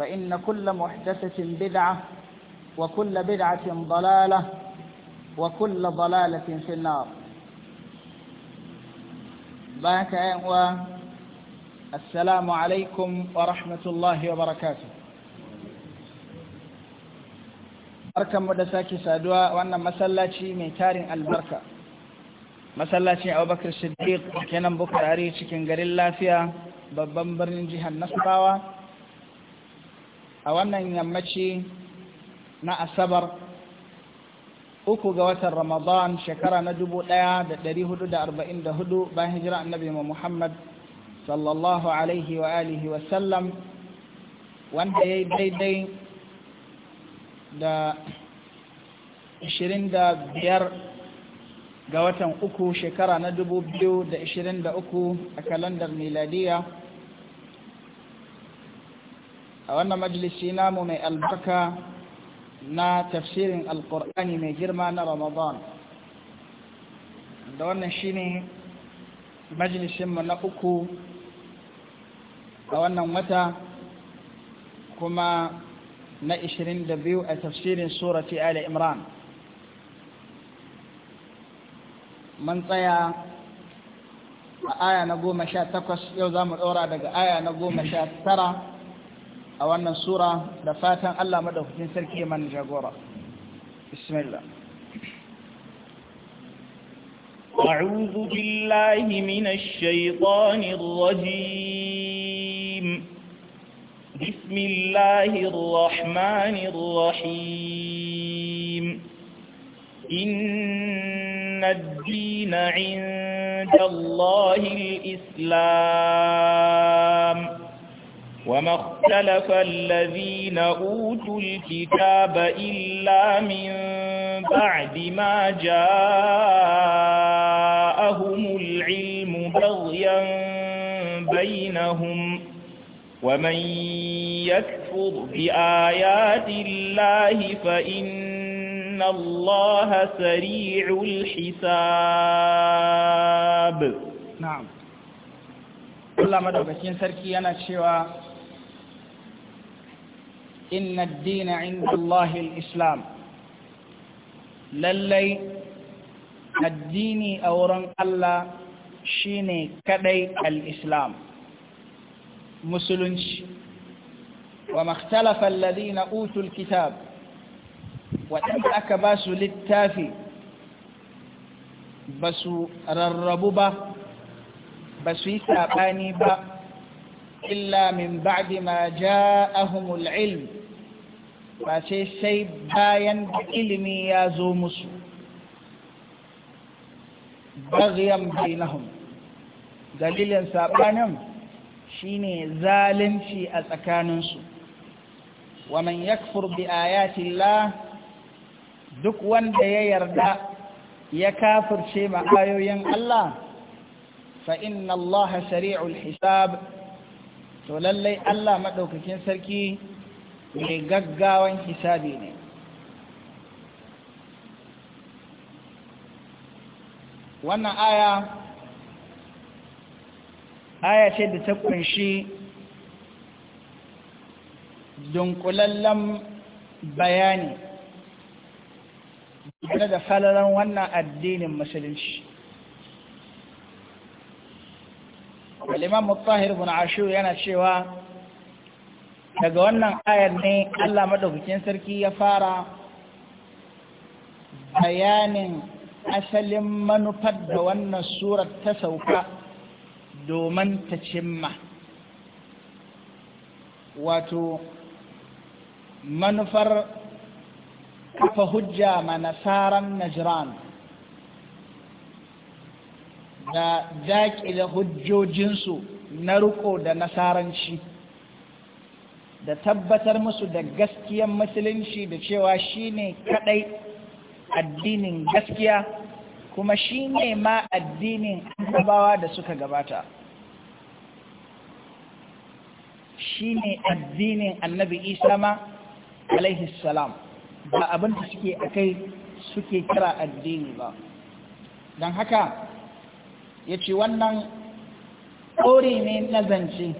فإن كل محدثة بدعة وكل بدعة ضلالة وكل ضلالة في النار باك أهوى السلام عليكم ورحمة الله وبركاته بركة مدساكي سادوا وأن مسلاتي ميتارين البركة مسلاتي أبو بكر الشديق كنا بكر أريتك إن قريل فيها ببنبرن جهة النصباوة a wannan yammaci na asabar uku ga watan ramadan shekara na dubu ɗaya da ɗari hudu da arba'in da hudu bayan hijira annabi muhammad sallallahu alaihi wa alihi wa sallam wanda ya yi daidai da ashirin da biyar ga watan uku shekara na dubu biyu da ashirin da uku a kalandar miladiya a wannan majalisi namu mai albarka na tafsirin alkur'ani mai girma na ramadan da wannan ne majalisinmu na uku a wannan wata kuma na 22 a tafsirin surati ali imran Mun tsaya a aya na goma sha takwas yau za mu ɗora daga aya na goma sha tara a wannan sura da fatan Allah madaukakin sarki ya mana jagora bismillah أعوذ بالله من الشيطان الرجيم بسم الله الرحمن الرحيم إن الدين عند الله الإسلام وما اختلف الذين أوتوا الكتاب إلا من بعد ما جاءهم العلم بغيا بينهم ومن يكفر بآيات الله فإن الله سريع الحساب نعم Allah madaukakin sarki yana cewa إن الدين عند الله الإسلام للي الدين أوران الله شيني كدي الإسلام مسلنش وما اختلف الذين أوتوا الكتاب وإن أكباس للتافي بس رربوبة بس ساباني با إلا من بعد ما جاءهم العلم ba sai sai bayan da ilimi ya zo musu bagiyan bainahum dalilin saɓanin shine zalunci a tsakaninsu waman yakfur bi ayatillah duk wanda ya yarda ya kafirce ma'ayoyin Allah fa inna Allah shari'ul hisab to lallai Allah maɗaukakin sarki mai gaggawan hisabi ne wannan aya aya ce da ta kunshi dunkulallen bayani game da falalan wannan addinin musulunci al'imam mutahir bin ashu yana cewa daga wannan ayar ne Allah madaukakin sarki ya fara bayanin asalin manufar da wannan surar ta sauka domin ta cimma wato manufar kafa hujja ma nasaran najran da daƙile hujjojinsu na ruko da nasaranci da tabbatar musu da gaskiyan musulunci da cewa shi ne kadai addinin gaskiya kuma ne ma addinin annabawa da suka gabata Shi ne addinin annabi isa ma alaihissalam ba abin da suke akai suke kira addini ba don haka ya ce wannan ƙori ne na zance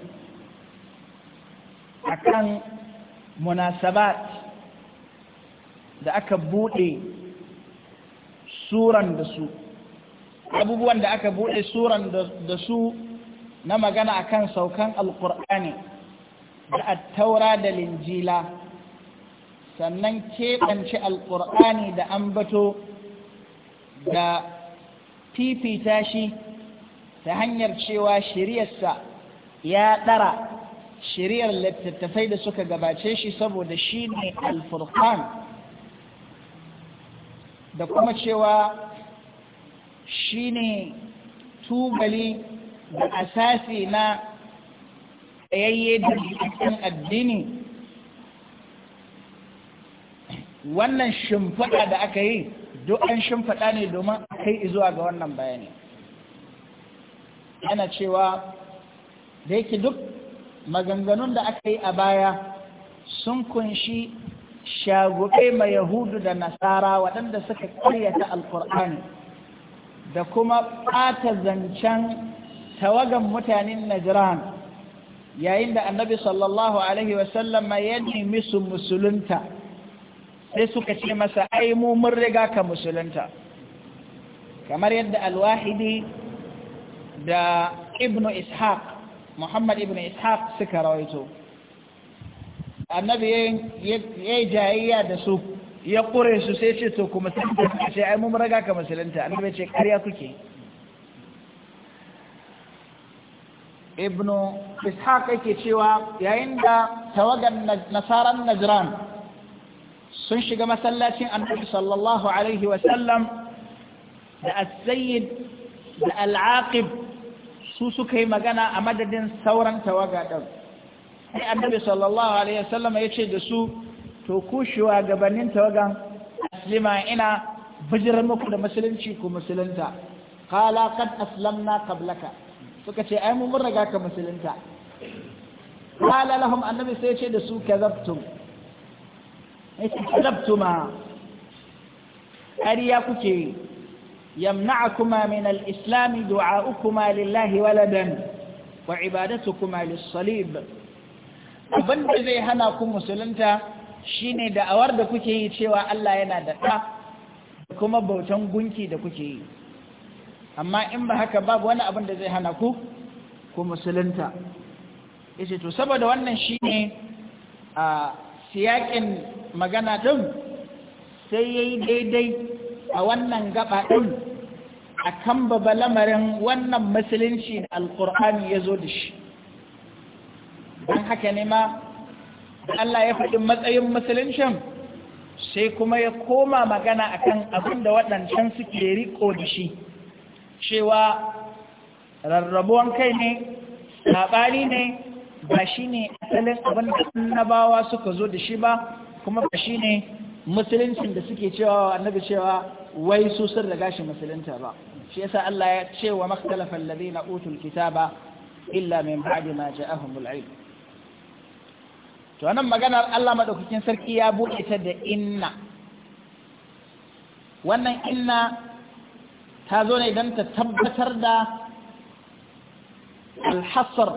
akan munasabat da aka buɗe suran da su abubuwan da aka buɗe suran da su na magana akan saukan alkur'ani da taura da linjila sannan keɓance alƙur'ani da ambato da fifita shi ta hanyar cewa shiryarsa ya ɗara Shiriyar littattafai da suka gabace shi saboda shi ne alfurkan da kuma cewa shi ne tubali da asasi na tsayayye da addini wannan shimfiɗa da aka yi duk an shimfiɗa ne domin kai zuwa ga wannan bayani yana cewa da yake duk maganganun da aka yi a baya sun kunshi shaguɓe ma yahudu da nasara waɗanda suka ƙaryata alkur'ani da kuma ɓata zancen tawagan mutanen najiran yayin da annabi sallallahu alaihi wasallama ya nemi su musulunta sai suka ce masa ai mu mun riga ka musulunta kamar yadda alwahidi da ibnu ishaq Muhammad ibn Ishaq suka rawaito annabi ya yi jayayya da su ya ƙure su sai ce to kuma sai ce ai mun raga ka musulunta annabi ce ƙarya kuke ibn Ishaq yake cewa yayin da tawagan nasaran Najran sun shiga masallacin annabi sallallahu alaihi wa sallam da as-sayyid da al-aqib su suka yi magana a madadin sauran tawaga ɗan sai annabi sallallahu alaihi wasallam ya ce da su to ku gabanin tawagan aslima ina bijirar muku da musulunci ku musulunta qala qad aslamna qablaka suka ce ai mun riga ka musulunta qala lahum annabi sai ya ce da su kazabtum ai kazabtuma ariya kuke يمنعكما من الإسلام دعاؤكما لله ولدا وعبادتكما للصليب abin da zai hana ku musulunta shine da'awar da kuke yi cewa Allah yana da ɗa kuma bautan gunki da kuke yi amma in ba haka babu wani abin da zai hana ku ku musulunta yace to saboda wannan shine a siyakin magana din sai yayi daidai a wannan gaba ɗin a kan baba lamarin wannan musulunci da alƙur'ani ya zo da shi don haka ne ma Allah ya faɗi matsayin musuluncin sai kuma ya koma magana akan abin da waɗancan suke riko da shi cewa rarrabuwan kai ne labari ne ba shi ne asalin abin da annabawa suka zo da shi ba kuma ba shi ne musuluncin da suke cewa annabi cewa wai su sun riga shi musulunta ba shi yasa Allah ya ce wa makhtalafa alladhina utul kitaba illa min ba'di ma ja'ahumul ilm to anan maganar Allah madaukakin sarki ya buɗe ta da inna wannan inna ta zo ne don ta tabbatar da alhasar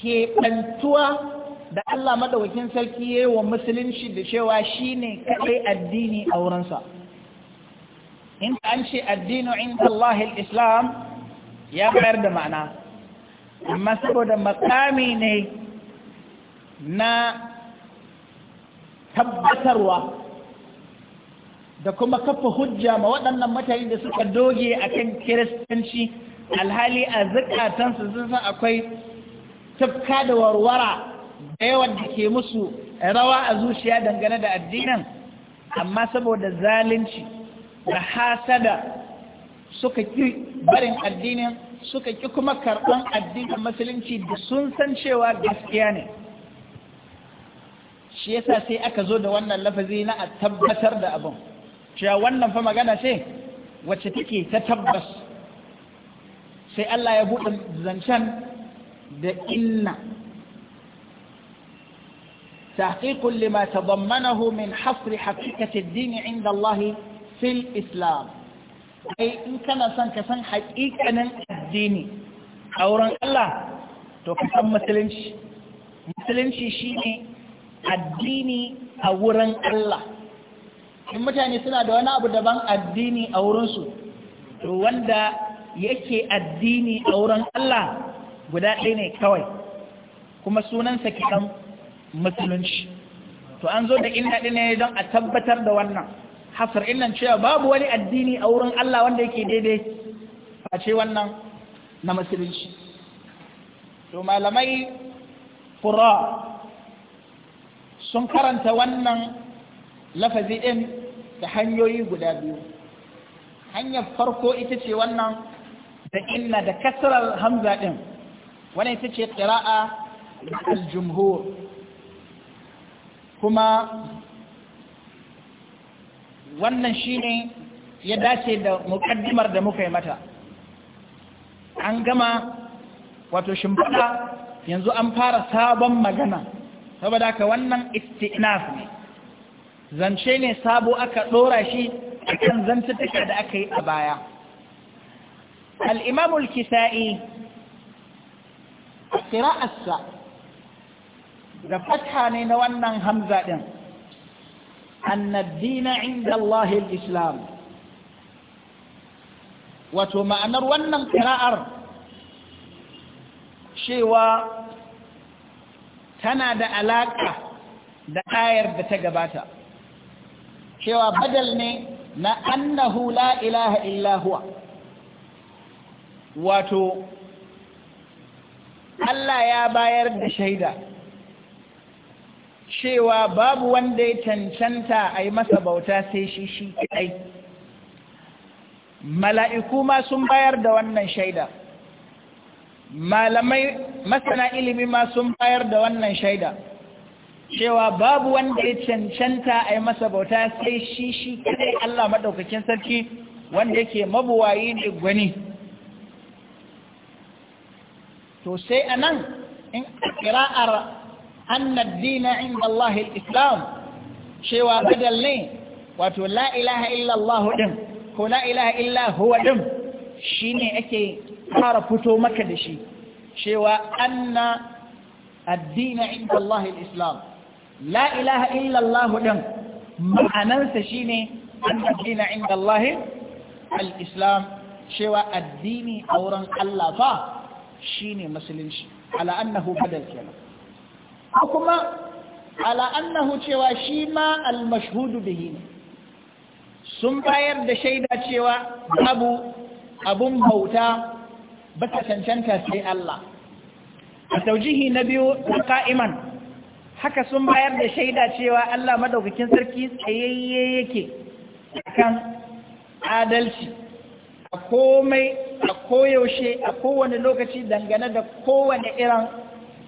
keɓantuwa da Allah madaukakin sarki yayi wa musulunci da cewa shine kadai addini a wurinsa in an ce addinu inda Allah islam ya bayar da ma'ana amma saboda makami ne na tabbatarwa da kuma kafa hujja ma waɗannan mutane da suka doge a kan kiristanci alhali a zukatansu sun san akwai tafka da warwara da yawan da ke musu rawa a zuciya dangane da addinin amma saboda zalunci da hasada suka ki barin addinin suka ki kuma karɓan addinin musulunci da sun san cewa gaskiya ne shi yasa sai aka zo da wannan lafazi na a tabbatar da abin cewa wannan fa magana ce wacce take ta tabbas sai Allah ya buɗe zancen da inna تحقيق لما تضمنه من حصر حقيقة الدين عند الله في الإسلام أي إن كان سنك سن حقيقة الدين أوران الله تكسم مثلنش مثلنش شيني addini a wurin Allah in mutane suna da wani abu daban addini a wurinsu to wanda yake addini a wurin Allah guda ɗaya ne kawai kuma sunansa kiɗan musulunci to an zo da inna ina ne don a tabbatar da wannan hasar innan cewa babu wani addini a wurin Allah wanda yake daidai ce wannan na musulunci to malamai fura sun karanta wannan lafazi ɗin da hanyoyi guda biyu hanyar farko ita ce wannan da inna da kasarar hamza ɗin wani ita ce ƙira'a al-jumhur kuma wannan ne ya dace da mukaddimar da muka yi mata an gama wato shimfiɗa yanzu an fara sabon magana saboda ka wannan isti'naf ne zance ne sabo aka ɗora shi a kan zantuka da aka yi a baya al'imamul kisa'i a ƙira'arsa da fatha ne na wannan hamza din annadina inda Allah islam wato ma'anar wannan ƙira'ar cewa tana da alaƙa da ayar da ta gabata cewa badal ne na annahu la ilaha illahuwa. wato Allah ya bayar da shaida cewa babu wanda ya cancanta a yi masa bauta sai shi shi kai mala'iku ma sun bayar da wannan shaida malamai masana ilimi ma sun bayar da wannan shaida cewa babu wanda ya cancanta a yi masa bauta sai shi shi kai Allah maɗaukakin sarki wanda yake mabuwayi ne gwani to sai anan in ƙira'ar anna dina inda Allah al-islam cewa badal ne wato la ilaha illa Allah din ko la ilaha illa huwa din shine ake fara fito maka da shi cewa anna addina inda Allah al-islam la ilaha illa Allah din ma'anarsa shine anna dina inda Allah al-islam cewa addini a wurin Allah fa shine musulunci ala annahu badal kenan ko kuma ala annahu cewa shi ma almashhudu bihi sun bayar da shaida cewa babu abun bauta ba ta cancanta sai Allah a taujihi na biyu ka'iman haka sun bayar da shaida cewa Allah madaukakin sarki tsayayye yake kan adalci a komai a koyaushe a kowane lokaci dangane da kowane irin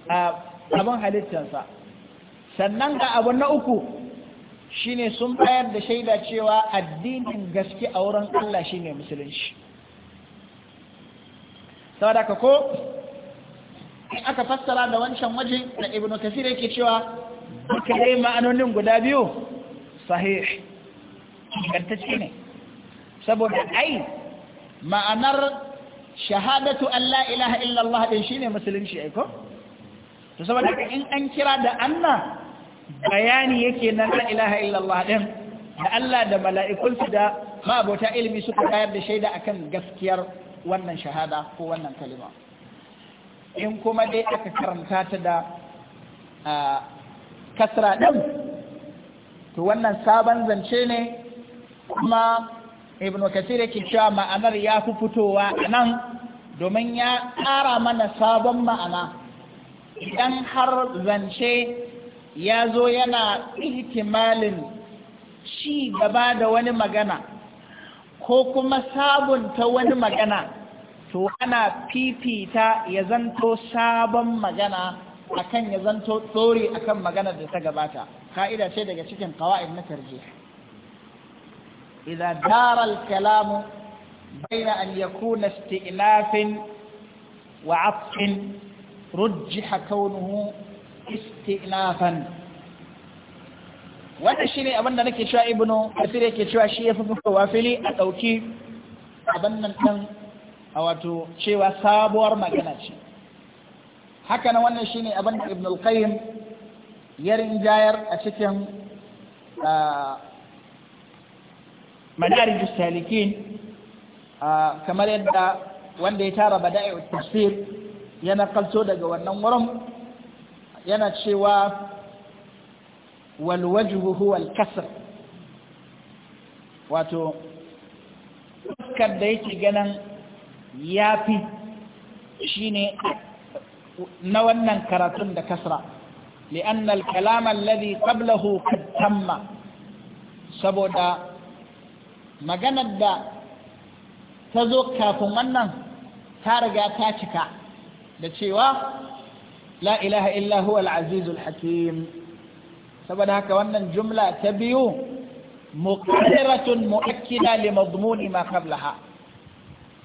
ah, abin halittarsa sannan ga abu na uku shine sun bayar da shaida cewa addinin gaske a wurin Allah shine musulunci saboda da ko in aka fassara da wancan waje da ibnu kasir yake cewa duka dai ma'anonin guda biyu sahih ingantacce ne saboda ai ma'anar shahadatu Allah ilaha illallah din shine musulunci ai ko to saboda in an kira da Allah bayani yake nan la ilaha illallah din da Allah da mala'ikunsu da ma'abota ilimi suka bayar da shaida akan gaskiyar wannan shahada ko wannan kalima in kuma dai aka karanta ta da kasra ɗin to wannan sabon zance ne kuma ibn kasir yake cewa ma'anar ya fi fitowa a nan domin ya ƙara mana sabon ma'ana idan har zance ya zo yana ihtimalin ci gaba da wani magana ko kuma sabunta wani magana to ana fifita ya zanto sabon magana akan ya zanto tsori akan magana da ta gabata ka'ida ce daga cikin kawai na tarjih idan dara al-kalam bayna an yakuna isti'nafin wa 'atfin rujjiha kaunuhu istinafan wannan shine abin da nake cewa ibnu kasir yake cewa shi yafi fitowa fili a dauki abin nan din a wato cewa sabuwar magana ce haka nan wannan shine abin da ibnu al-qayyim ya rinjayar a cikin madarijus salikin kamar yadda wanda ya tara bada'i tafsir ya nakalto daga wannan wurin yana cewa walwajhu huwa alkasr wato fuskar da yake ganin yafi shine na wannan karatun da kasra لأن الكلام الذي قبله قد saboda maganar da ta zo kafin wannan ta riga ta cika da cewa la ilaha illa huwa al-azizul hakim saboda haka wannan jumla ta biyu muqarriratun mu'akkida li madmuni ma qablaha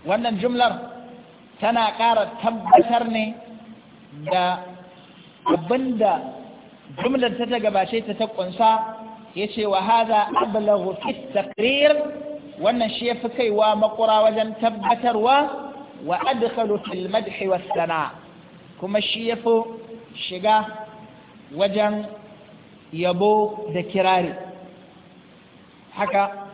wannan jumlar tana ƙara tabbatar ne da abinda jumlar ta ta ta ta kunsa yace wa hadha ablaghu fi taqrir wannan shi yafi kaiwa makura wajen tabbatarwa wa adkhalu fil madhi was sana kuma shi yafo shiga wajen yabo da kirari haka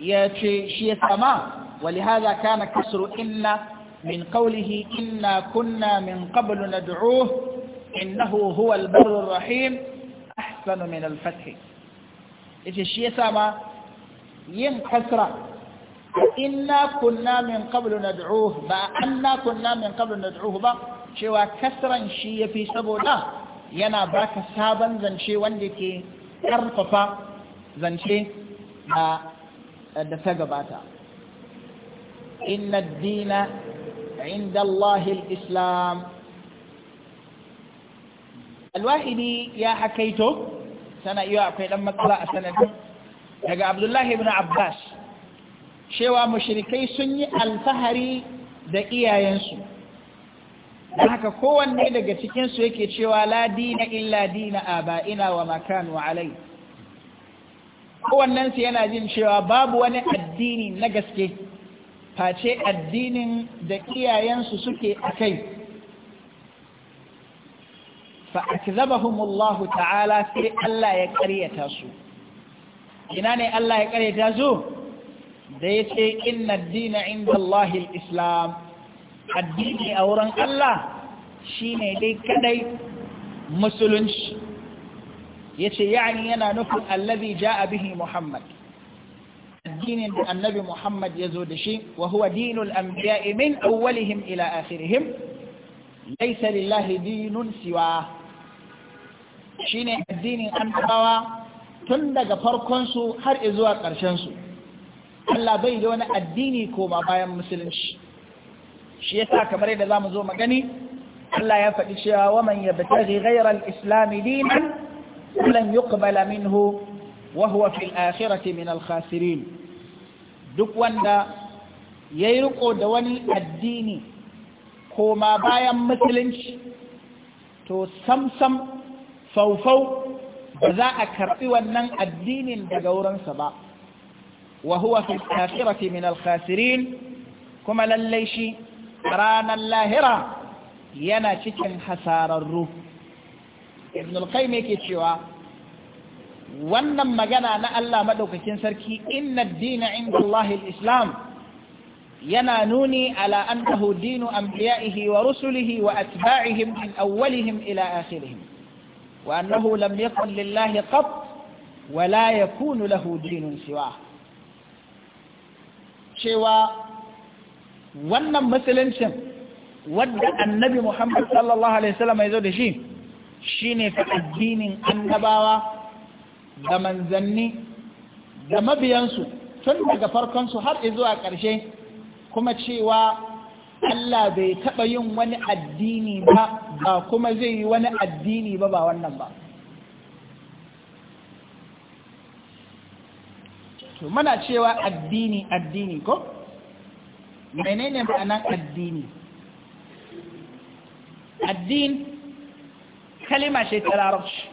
ya ce shi ya sama walihada kana kasru inna min qawlihi inna kunna min qablu nad'uhu innahu huwa al-barrur rahim ahsanu min al-fath yace shi ya sama yin kasra inna kunna min qablu nad'uhu ba anna kunna min qablu nad'uhu ba cewa kasran shi yafi saboda yana baka sabon zance wanda ke karfafa zance da ta gabata inna dina inda Allahil islam alwahidi ya hakaito sana iya akwai dan matsala a sanadin daga abdullahi ibn abbas cewa mushrikai sun yi alfahari da iyayensu haka kowanne daga cikinsu yake cewa la dina illa dina ba'ina wa makanu alai kowannensu yana jin cewa babu wani addini na gaske face addinin da iyayensu suke a kai fa'akzabahumullahu ta'ala sai Allah ya ƙaryata su ina ne Allah ya karyata su da ya ce inna dina inda Allahil Islam addini a wurin Allah shi ne dai kadai musulunci ya ce ya'ani yana nufin allazi ja'a bihi Muhammad addinin da annabi Muhammad ya zo da shi wa huwa dinul anbiya'i min awwalihim ila akhirihim laysa lillahi dinun siwa shine addinin annabawa tun daga farkon su har zuwa ƙarshensu su Allah bai da wani addini koma bayan musulunci shi yasa kamar yadda zamu zo magani Allah ya faɗi cewa wa man yabtaghi ghayra al-islam dinan lan yuqbala minhu wa huwa fil akhirati min al-khasirin duk wanda yayi riko da wani addini koma bayan musulunci to samsam faufau ba za a karɓi wannan addinin daga wurinsa ba وهو في الآخرة من الخاسرين كما لليشي رانا اللاهرة ينا تكن حسار الروح ابن القيم كتوا وانما جنا نا الله مدوك تنسركي إن الدين عند الله الإسلام ينا نوني على أنه دين أنبيائه ورسله وأتباعهم من أولهم إلى آخرهم وأنه لم يكن لله قط ولا يكون له دين سواه cewa wannan musuluncin wadda annabi Muhammad sallallahu Alaihi wasallam ya zo da shi shi ne addinin annabawa da manzanni da mabiyansu tun daga farkonsu har zuwa ƙarshe kuma cewa Allah bai taɓa yin wani addini ba ba kuma zai yi wani addini ba ba wannan ba. to mana cewa addini addini ko menene ma'anar addini addin kalima ce ta larabci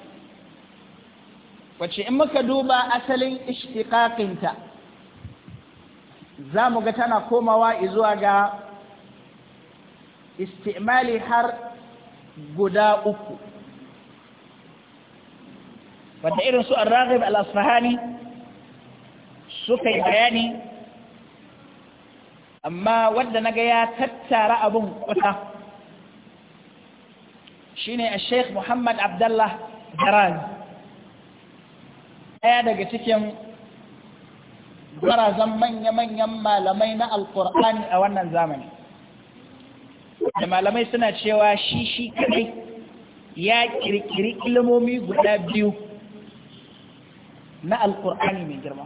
wacce in muka duba asalin ishtiqaqinta za mu ga tana komawa zuwa ga istimali har guda uku Wata irin su al-raghib al-asfahani suka yi bayani amma wanda ga ya tattara abin kuta shine a sheikh muhammad abdullah jaraz daya daga cikin barazan manya-manyan malamai na alkur'ani a wannan zamani da malamai suna cewa shi shi kadai ya kirkiri ilmomi guda biyu na alkur'ani mai girma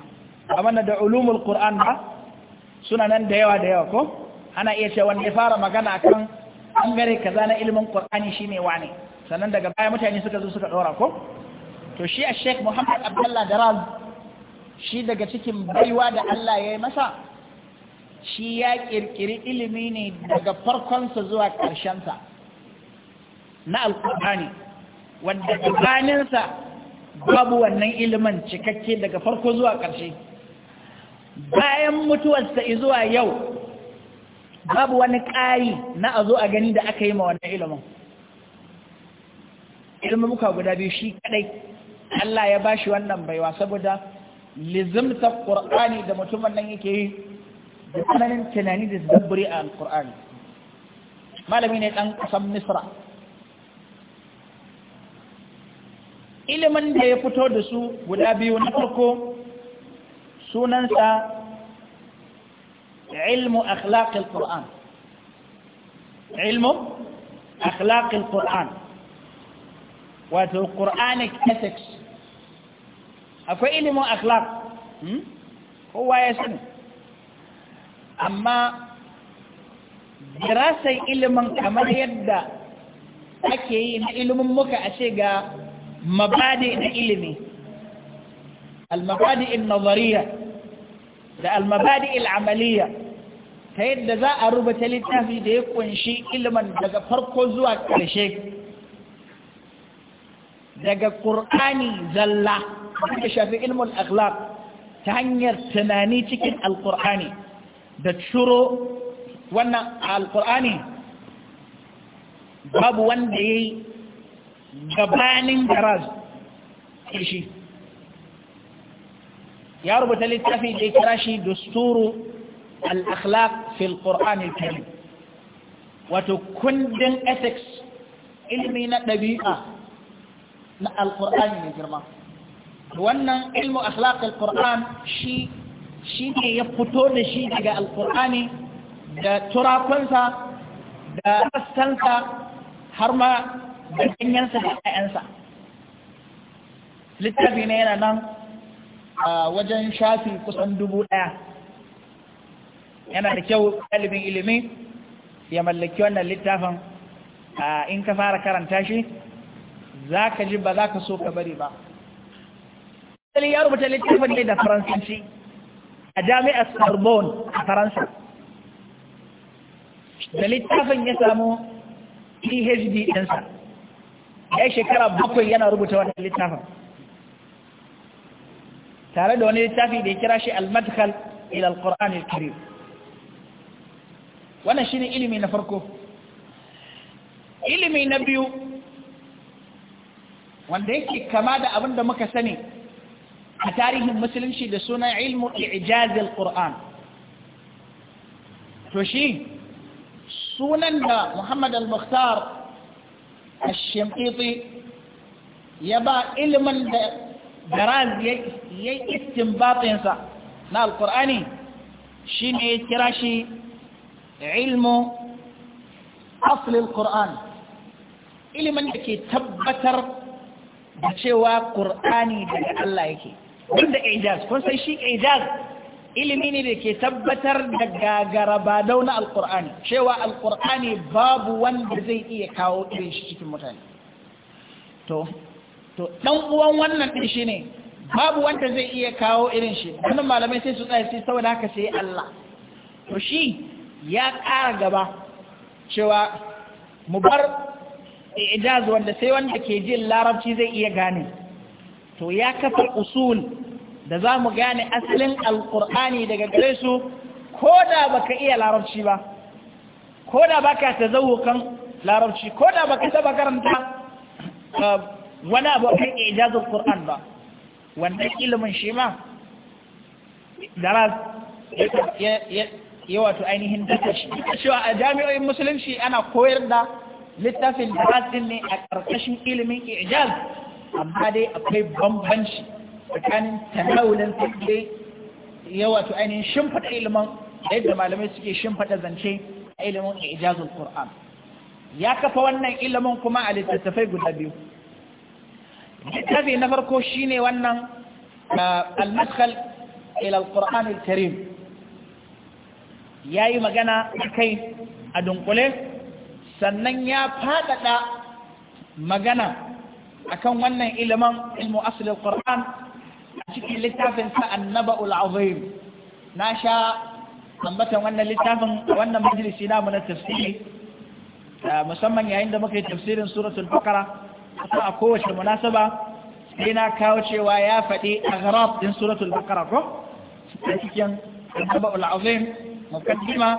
abana da ulumul qur'an ba suna nan da yawa da yawa ko ana iya cewa wanda ya fara magana akan bangare kaza na ilimin qur'ani shine wane sannan daga baya mutane suka zo suka dora ko to shi a sheikh muhammad abdullah daraz shi daga cikin baiwa da Allah ya yi masa shi ya kirkiri ilimi ne daga farkonsa zuwa ƙarshensa na alƙur'ani wanda gabaninsa babu wannan ilimin cikakke daga farko zuwa karshe. bayan mutuwarsa izuwa yau babu wani ƙari na a zo a gani da aka yi ma wannan ilimin muka guda biyu shi kadai Allah ya ba shi wannan baiwa saboda lizimta qur'ani da mutumin nan yake yi da tsananin tunani da dabburi a alqur'ani malami ne ɗan ƙasan misra ilimin da ya fito da su guda biyu na farko sunansa ilmu akhlaqil qur'an ilmu akhlaqil qur'an wato qur'anic ethics akwai ilimin akhlaq hmm? kowa ya sani amma dirasar ilimin kamar yadda ake yi na ilimin muka a ce ga mabadi na ilimi al-mabadi in nazariya da almabadi al'amaliya ta yadda za a rubuta littafi da ya kunshi ilimin daga farko zuwa ƙarshe daga ƙur'ani zalla da shafi ilmul akhlaq ta hanyar tunani cikin alƙur'ani da ciro wannan alƙur'ani babu wanda ya yi gabanin garaz shi ya rubuta littafi da ya kira shi dusturu al-akhlaq al qur'an al-karim wato kundin ethics ilmi na ɗabi'a na al-qur'ani mai girma wannan ilmu akhlaq al-qur'an shi shi ne ya fito da shi daga alkur'ani da turakunsa da rassansa har ma da ganyensa da ɗayansa littafi ne yana nan a wajen shafi kusan dubu ɗaya yana da kyau ɗalibin ilimi ya mallaki wannan littafin in ka fara karanta shi za ka ji ba za ka so ka bari ba Sali ya rubuta littafin ne da faransanci a jami'ar sorbonne a faransa da littafin ya samu phd ɗinsa ya shekara bakwai yana rubuta wannan littafin tare da wani littafi da ya kira shi al-madkhal ila al-qur'an al-karim wannan shine ilimi na farko ilimi na biyu wanda yake kama da abin da muka sani a tarihin musulunci da suna ilmu ijaz al-qur'an to shi sunan da Muhammad al-Mukhtar al-Shimqiti ya ba ilimin da jaraz ya yi istinbatinsa na alkur'ani shi ne ya kira shi ilmu asalin kur'an ilimin da ke tabbatar da cewa ƙur'ani daga Allah yake wanda ijaz kun sai shi ijaz ilimi ne da ke tabbatar da gagaraba dauna alkur'ani cewa Alƙur'ani babu wanda zai iya kawo irin shi cikin mutane to to dan uwan wannan din shine babu wanda zai iya kawo irin shi wannan malamai sai su tsaya sai saboda haka sai Allah to shi ya ƙara gaba cewa mu bar ijaz wanda sai wanda ke jin larabci zai iya gane to ya kafa usul da za mu gane asalin alkur'ani daga gare su ko da baka iya larabci ba ko da baka kan larabci ko da baka taba karanta uh, wani abu kan ijazul Qur'an ba wannan ilimin shi ma daras ya wato ainihin data shi cewa a jami'o'in musulunci ana koyar da littafin daras ne a ƙarƙashin ilimin ijaz amma dai akwai bambanci tsakanin tanawulin sai ya wato ainihin shimfiɗa ilimin yadda malamai suke shimfiɗa zance a ilimin ijazul Kur'an. ya kafa wannan ilimin kuma a littattafai guda biyu littafi na farko shine wannan ah, al-madkhal ila al al-karim yayi magana kai a dunkule sannan ya faɗaɗa magana akan wannan ilimin ilmu asalin Qur'an a cikin littafin Annaba Ul azim na sha ambatan wannan littafin wannan majalisi namu na tafsiri ah, musamman yayin da muka yi tafsirin suratul bakara kusa a kowace munasaba sai na kawo cewa ya faɗi aghrab din suratul baqara ko cikin al-nabaul azim muqaddima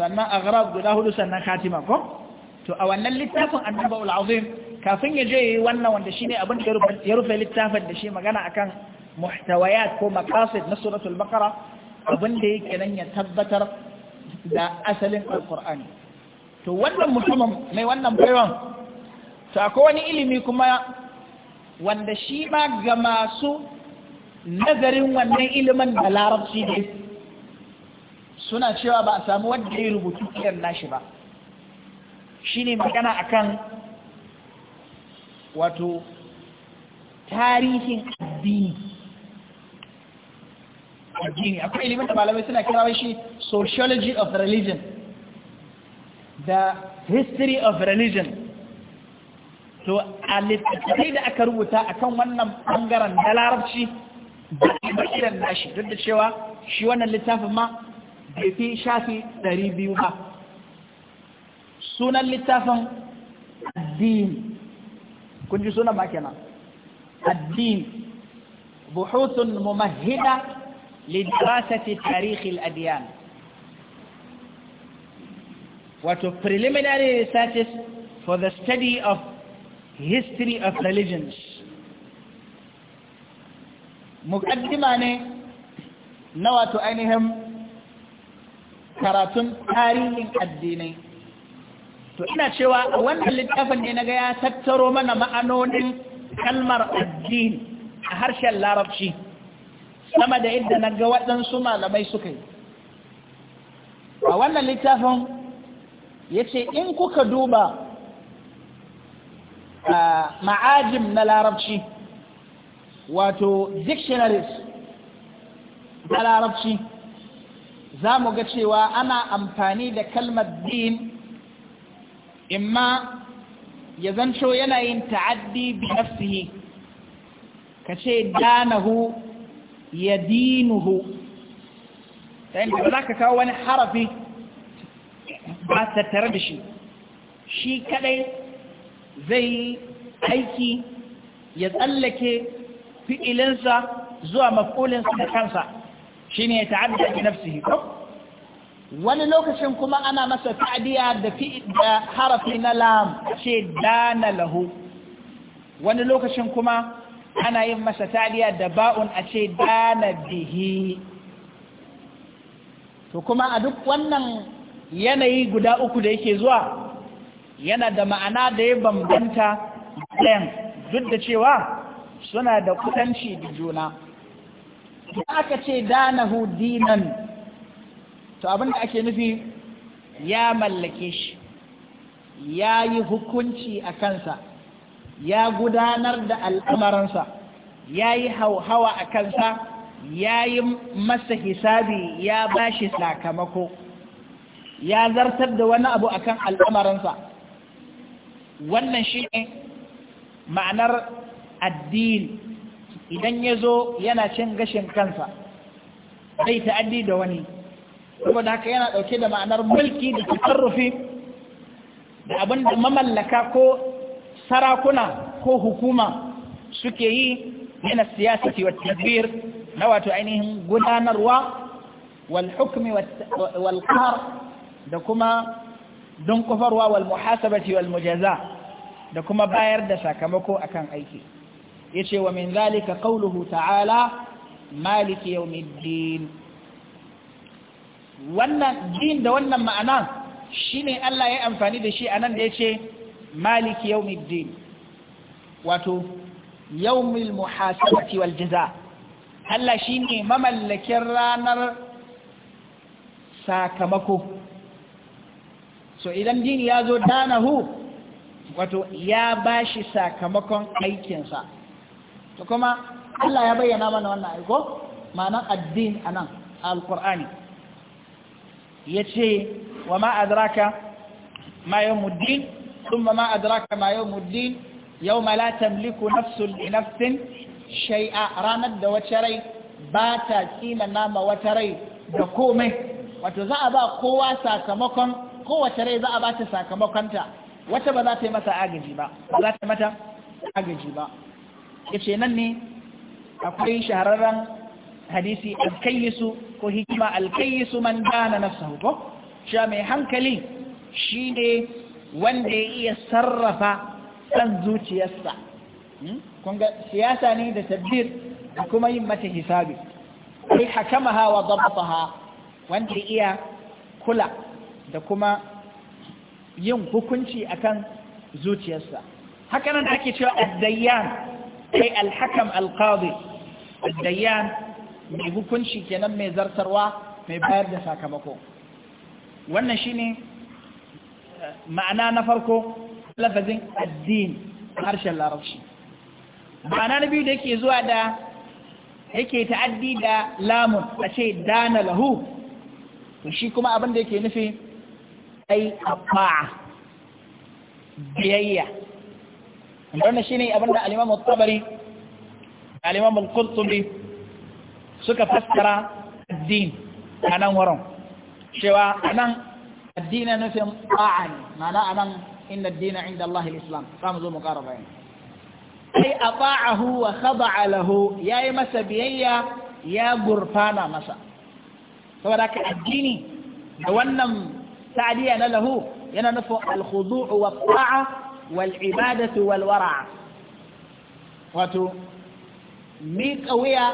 sannan aghrab guda hudu sannan katima ko to a wannan littafin annabaul azim kafin ya je wannan wanda shine abin da ya rufe littafin da shi magana akan muhtawayat ko maqasid na suratul baqara abin da yake nan ya tabbatar da asalin alqur'ani to wannan mutumin mai wannan baiwan to akwai wani ilimi kuma wanda shi ma ga masu nazarin wannan ilimin da larabci ne suna cewa ba a samu wanda ya rubutu kiyar nashi ba shi ne magana a kan wato tarihin addini addini akwai ilimin da malamai suna kira shi sociology of religion da history of religion to a littattafai da aka rubuta akan wannan bangaren da larabci ba a bakiran nashi duk da cewa shi wannan littafin ma bai fi shafi ɗari biyu ba sunan littafin addini kun ji sunan ma kenan addini buhutun mumahida lidirasati tarihi adiyan wato preliminary researches for the study of history of religions mukaddima ne na wato ainihin karatun tarihin addinai to ina cewa a wannan littafin ne na ga ya tattaro mana ma'anonin kalmar addini a harshen larabci sama da yadda na ga waɗansu malamai suka yi a wannan littafin ya ce in kuka duba ma'ajim na larabci wato dictionaries na larabci za mu ga cewa ana amfani da kalmar din imma ya zanto yanayin ta'addi bi nafsihi ka ce danahu ya dinuhu ta yin da za ka kawo wani harafi ba tattare da shi shi kadai zai aiki ya tsallake fi'ilinsa zuwa maf'ulinsa da kansa shine ya ta'adda bi nafsihi wani lokacin kuma ana masa ta'diya da da harafi na lam ce dana lahu wani lokacin kuma ana yin masa ta'diya da ba'un a ce dana bihi to kuma a duk wannan yanayi guda uku da yake zuwa yana da ma'ana da ya bambanta ɗayan duk da cewa suna da kudanci da juna da aka ce danahu dinan to abin da ake nufi ya mallake shi ya yi hukunci a kansa ya gudanar da al'amaransa ya yi hauhawa a kansa ya yi masa hisabi ya bashi sakamako ya zartar da wani abu akan al'amaransa wannan shi ne ma'anar addini idan ya zo yana cin gashin kansa zai ta'addi da wani da haka yana ɗauke da ma'anar mulki da tasarrufi da abin da mamallaka ko sarakuna ko hukuma suke yi yana siyasati wa tabbir na wato ainihin gudanarwa wal hukumi wal da kuma don kufarwa wal muhasabati wal mujaza da kuma bayar da sakamako akan aiki yace wa min zalika qawluhu ta'ala maliki yawmiddin wannan din da wannan ma'ana shine Allah ya amfani da shi anan da yace maliki yawmiddin wato yawmil muhasabati wal jaza Allah shine mamallakin ranar sakamako so idan dini ya zo danahu wato ya bashi sakamakon aikinsa to kuma Allah ya bayyana mana wannan aiko ma'anar addin a nan alkur'ani ya ce wa ma adraka ma yau muddin Yau ما أدراك ما يوم shai'a, ranar da تملك rai ba ta راند nama wata rai, da komai wato za a ba kowa sakamakon kowace rai za a ba ta sakamakonta wata ba za ta yi mata agaji ba ba za ta yi mata agaji ba ya ce nan ne akwai shahararren hadisi alkayisu ko hikima alkayisu man dana na sauko sha mai hankali shi ne wanda ya iya sarrafa san zuciyarsa hmm? kunga siyasa ne da tabbir da kuma yin mata hisabi kai hakamaha wa ha wanda ya iya kula da kuma yin hukunci akan zuciyarsa haka nan ake cewa addayyan kai alhakam alqadi addayyan mai hukunci kenan mai zartarwa mai bayar da sakamako wannan shine eh, ma'ana na farko lafazin addin harshen larabci ma'ana na biyu da yake zuwa da yake ta'addi da lamun a ce dana lahu shi kuma abin da yake nufi ai abba'a biyayya wannan shine abin da al-Imam al-Tabari al-Imam al-Qurtubi suka fassara addini anan wurin cewa anan addini na nufin ba'a ne ma'ana anan inna ad-dina 'inda Allah al-Islam kamu zo mu ƙara bayani ai aba'ahu wa khada'a lahu yayi masa biyayya ya gurfana masa saboda ka addini da wannan تعديا له ينفع الخضوع والطاعة والعبادة والورع واتو ميك أويا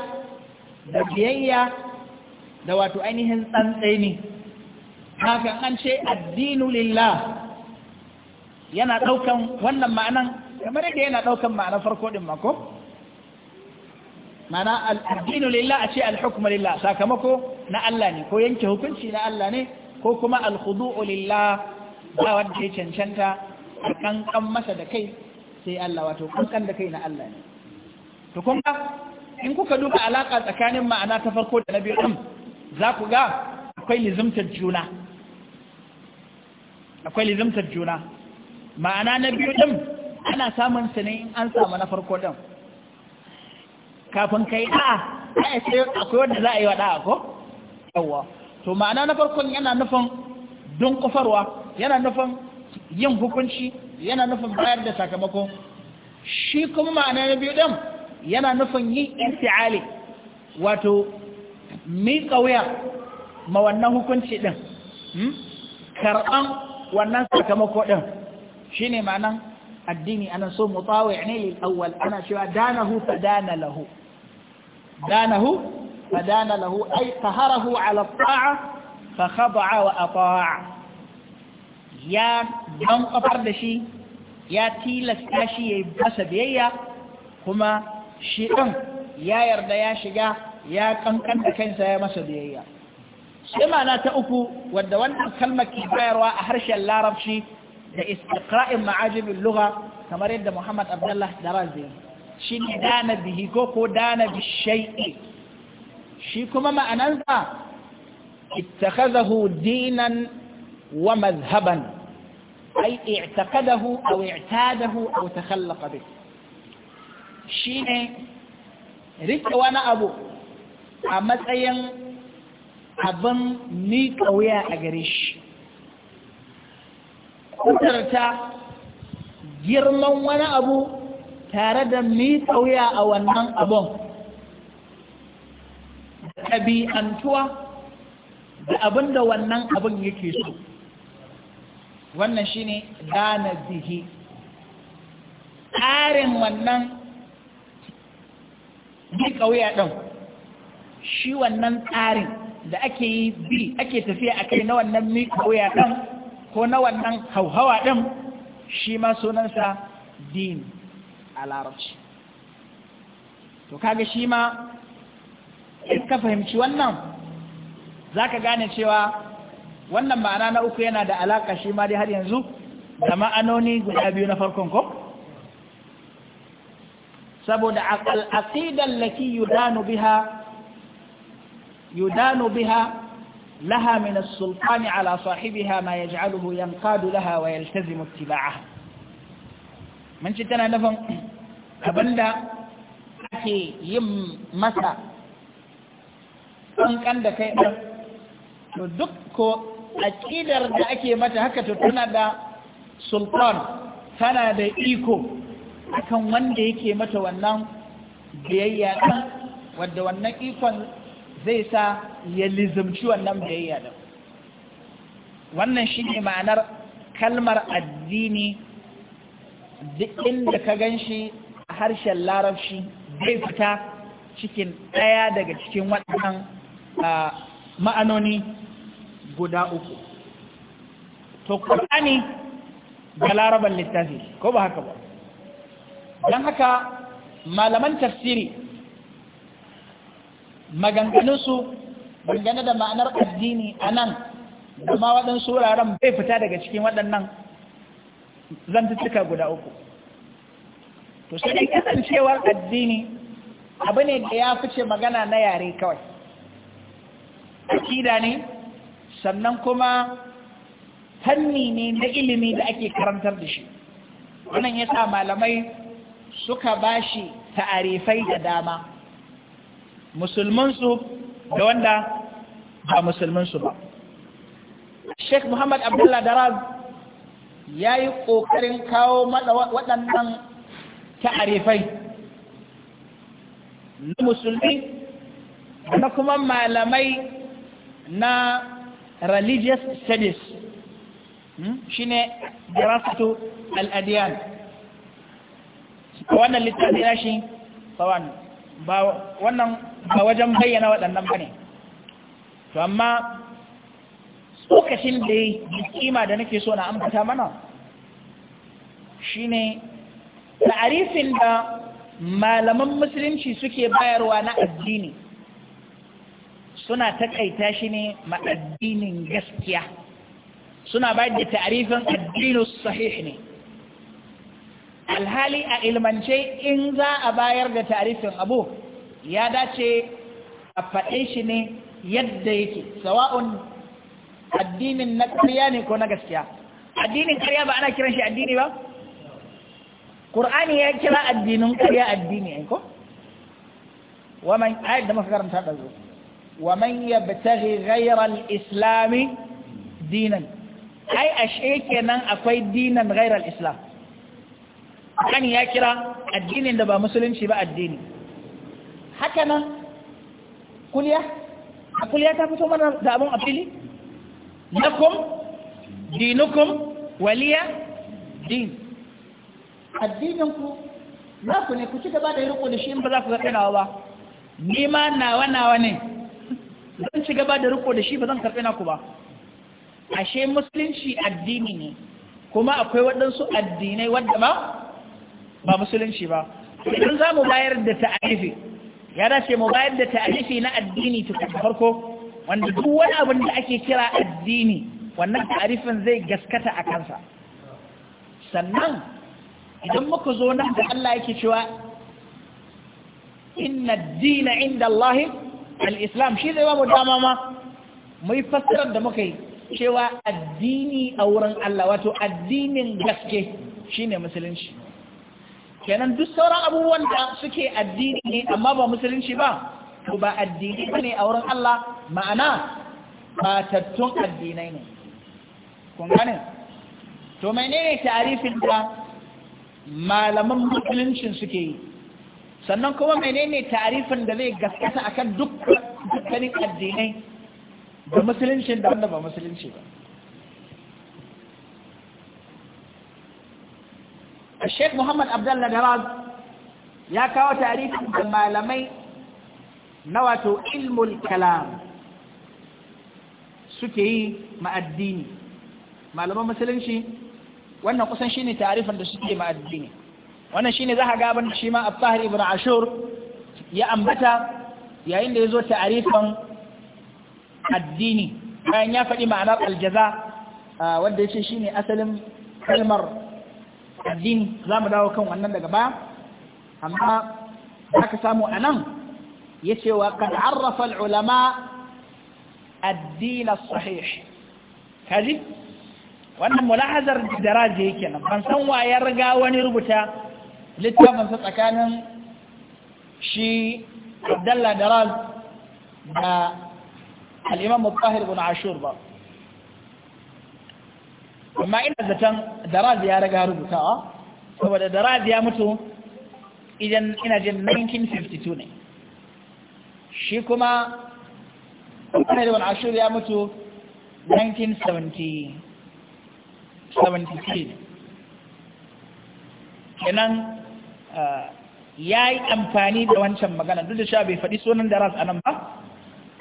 دبيئيا دواتو أينهن تنتيني haka an ce addinu lillah yana daukan wannan ma'anan kamar yadda yana daukan ma'anan farko mako ma'ana addinu lillah ce alhukmu lillah sakamako na Allah ne ko yanke hukunci na Allah ne ko kuma alkhudu'u lillah ba wanda ya cancanta a kankan masa da kai sai Allah wato kankan da kai na Allah ne to kun ga in kuka duba alaka tsakanin ma'ana ta farko da na biyu din za ku ga akwai lizimtar juna akwai lizimtar juna ma'ana na biyu din ana samun sa ne in an samu na farko din kafin kai a'a sai akwai wanda za a yi wa ɗa'a ko yawwa to ma'ana na farkon yana nufin don kufarwa yana nufin yin hukunci yana nufin bayar da sakamako shi kuma ma'ana na biyu ɗin yana nufin yin inti'ali wato miƙa wuya ma wannan hukunci ɗin hmm? karɓan wannan sakamako ɗin shi ne ma'anan addini ana so mutawa ne awwal ana cewa danahu fa dana lahu danahu فدان له أي قهره على الطاعة فخضع وأطاع يا دم قفر دشي يا تيلس أشي يبس بيئة كما شئن يا يرد يا شجا يا كم كان كنسا يا مس بيئة سما لا تأكو ودوان كلمة كبير وأحرش اللاربشي da istiqra'in ma'ajibin lugha kamar yadda Muhammad Abdullah Darazi shi ne dana bihi ko ko dana bishai'i shi kuma ma'anansa ittakhadahu dinan wa mazhaban ai i'taqadahu aw i'tadahu aw takhallaqa bih shine rike wani abu a matsayin abin miƙa wuya a gare shi kutarta girman wani abu tare da miƙa a wannan abun ɗabi'antuwa da abin da wannan abin yake so wannan shine dana zihi tsarin wannan bi ƙauya ɗin shi wannan tsarin da ake yi bi ake tafiya a kai na wannan mi ƙauya ɗin ko na wannan hauhawa ɗin shi ma sunansa din a larabci to kaga shi ma in ka fahimci wannan za ka gane cewa wannan ma'ana na uku yana da alaƙa shi ma dai har yanzu da ma'anoni guda biyu na farkon ko? saboda al'aƙidan laki yudanu biha yudanu biha laha min sultani ala sahibiha ma ya ji'aluhu yankadu laha wa yaltazimu tiba'a Manci tana nufin abinda ake yin masa tsankan da kai ɗan to duk ko aƙidar da ake mata haka to tana da sultan tana da iko akan wanda yake mata wannan biyayya ɗan wadda wannan ikon zai sa ya lizimci wannan biyayya ɗan wannan shi ne ma'anar kalmar addini duk inda ka gan shi harshen larabci zai fita cikin ɗaya daga cikin waɗannan a ma'anoni guda uku to ƙulani da larabar littafi ko ba haka ba don haka malaman tafsiri maganganunsu dangane da ma'anar addini a nan da waɗansu wuraren bai fita daga cikin waɗannan zantattuka guda uku to sai kasancewar addini abu ne da ya fice magana na yare kawai akida ne sannan kuma fanni ne na ilimi da ake karantar da shi wannan ya sa malamai suka ba shi ta'arifai da dama musulmansu da wanda ba musulmansu ba sheikh muhammad abdullah daraz ya yi ƙoƙarin kawo waɗannan ta'arifai na musulmi na kuma malamai na religious studies hmm? shine dirasatu al-adiyan wannan littafi na shi tsawon ba wannan ba wajen bayyana waɗannan ba ne to amma tsokacin da ya kima da nake so na amfata mana shine ta'arifin da malaman musulunci suke bayarwa na addini suna takaita shi ne ma addinin gaskiya suna ba da ta'arifin addinu sahih ne alhali a ilmance in za a bayar da ta'arifin abu ya dace a faɗe shi ne yadda yake sawa'un addinin na ƙarya ne ko na gaskiya addinin ƙarya ba ana kiran shi addini ba ƙur'ani ya kira addinin ƙarya addini ko wa man ayat da muka karanta da zuwa wa man yabtaghi ghayra al-islam dinan ai ashe kenan akwai dinan ghayra al-islam kan ya kira addinin da ba musulunci ba addini haka nan kuliya a ta fito mana da abun a fili lakum dinukum waliya din addininku naku ne ku ci gaba da yi riko shi ba za ku ba ni ma nawa nawa ne zan ci gaba da riko da shi ba zan karɓi naku ba ashe musulunci addini ne kuma akwai waɗansu addinai wadda ma ba musulunci ba idan za mu bayar da ta'arifi ya dace mu bayar da ta'arifi na addini tukun farko wanda duk wani abin da ake kira addini wannan ta'arifin zai gaskata a kansa sannan idan muka zo nan da Allah yake cewa inna ad-dina 'inda Allah Al'islam shi zai ba mu dama ma mu fassarar da muka yi cewa addini a wurin Allah wato addinin gaske shi ne musulunci kenan duk sauran abubuwan da suke addini ne amma ba musulunci ba to ba addini ne a wurin Allah ma'ana tattun addinai ne kun gane to menene tarifin da malaman musuluncin suke yi sannan kuma menene tarifin da zai gaskata akan dukkanin addinai da musulunci da wanda ba musulunci ba Sheikh Muhammad Abdullah Daraz ya kawo tarifin da malamai na wato ilmul kalam suke yi ma'addini malaman musulunci wannan kusan shine tarifin da suke ma'addini wannan shine za a ga abin shi ma Abdullah ibn Ashur ya ambata yayin da ya zo ta'arifan addini bayan ya faɗi ma'anar aljaza wanda ya ce shi ne asalin kalmar addini za mu dawo kan wannan daga ba amma aka samu a nan ya ce wa kan arrafa al'ulama addina sahih kaji wannan mulahazar daraja yake nan ban san wa ya riga wani rubuta littafinsa tsakanin shi abdalla da raz da al'imam mutahir bin ashur ba amma ina zaton da ya raga rubutawa saboda da ya mutu idan ina jin 1952 ne shi kuma mutahir bin ashur ya mutu 1973 kenan ya yi amfani da wancan magana duk da sha bai faɗi sunan da ras anan ba